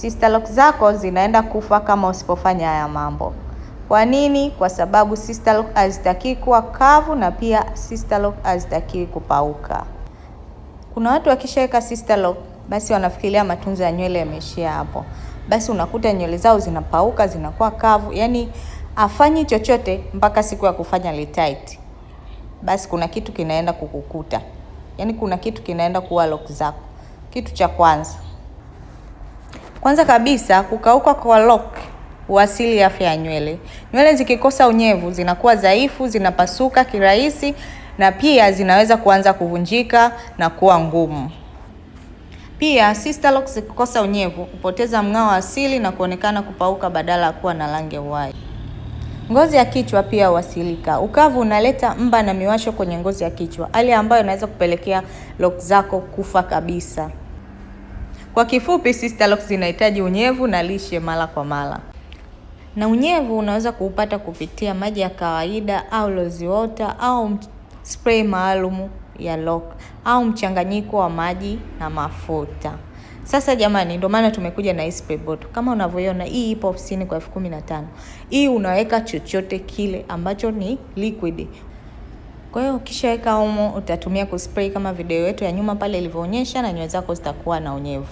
sister lock zako zinaenda kufa kama usipofanya haya mambo. Kwa nini? Kwa sababu sister lock hazitaki kuwa kavu na pia sister lock hazitaki kupauka. Kuna watu wakishaweka sister lock basi wanafikiria matunzo ya nywele yameishia hapo, basi unakuta nywele zao zinapauka zinakuwa kavu, yaani afanyi chochote mpaka siku ya kufanya retight. Basi kuna kitu kinaenda kukukuta, yaani kuna kitu kinaenda kuwa lock zako. Kitu cha kwanza kwanza kabisa kukauka kwa lock huathiri afya ya nywele. Nywele zikikosa unyevu zinakuwa dhaifu, zinapasuka kirahisi na pia zinaweza kuanza kuvunjika na kuwa ngumu. Pia sister locks zikikosa unyevu hupoteza mng'ao wa asili na kuonekana kupauka badala ya kuwa na rangi uwai. Ngozi ya kichwa pia huathirika. Ukavu unaleta mba na miwasho kwenye ngozi ya kichwa, hali ambayo inaweza kupelekea lock zako kufa kabisa. Kwa kifupi, Sister Locks zinahitaji unyevu na lishe mara kwa mara, na unyevu unaweza kuupata kupitia maji ya kawaida au lozi water au spray maalumu ya lock au mchanganyiko wa maji na mafuta. Sasa jamani, ndio maana tumekuja na hii spray bottle. Kama unavyoiona hii ipo ofisini kwa elfu kumi na tano. Hii unaweka chochote kile ambacho ni liquid. Kwa hiyo ukishaweka omo utatumia kuspray kama video yetu ya nyuma pale ilivyoonyesha, na nywele zako zitakuwa na unyevu.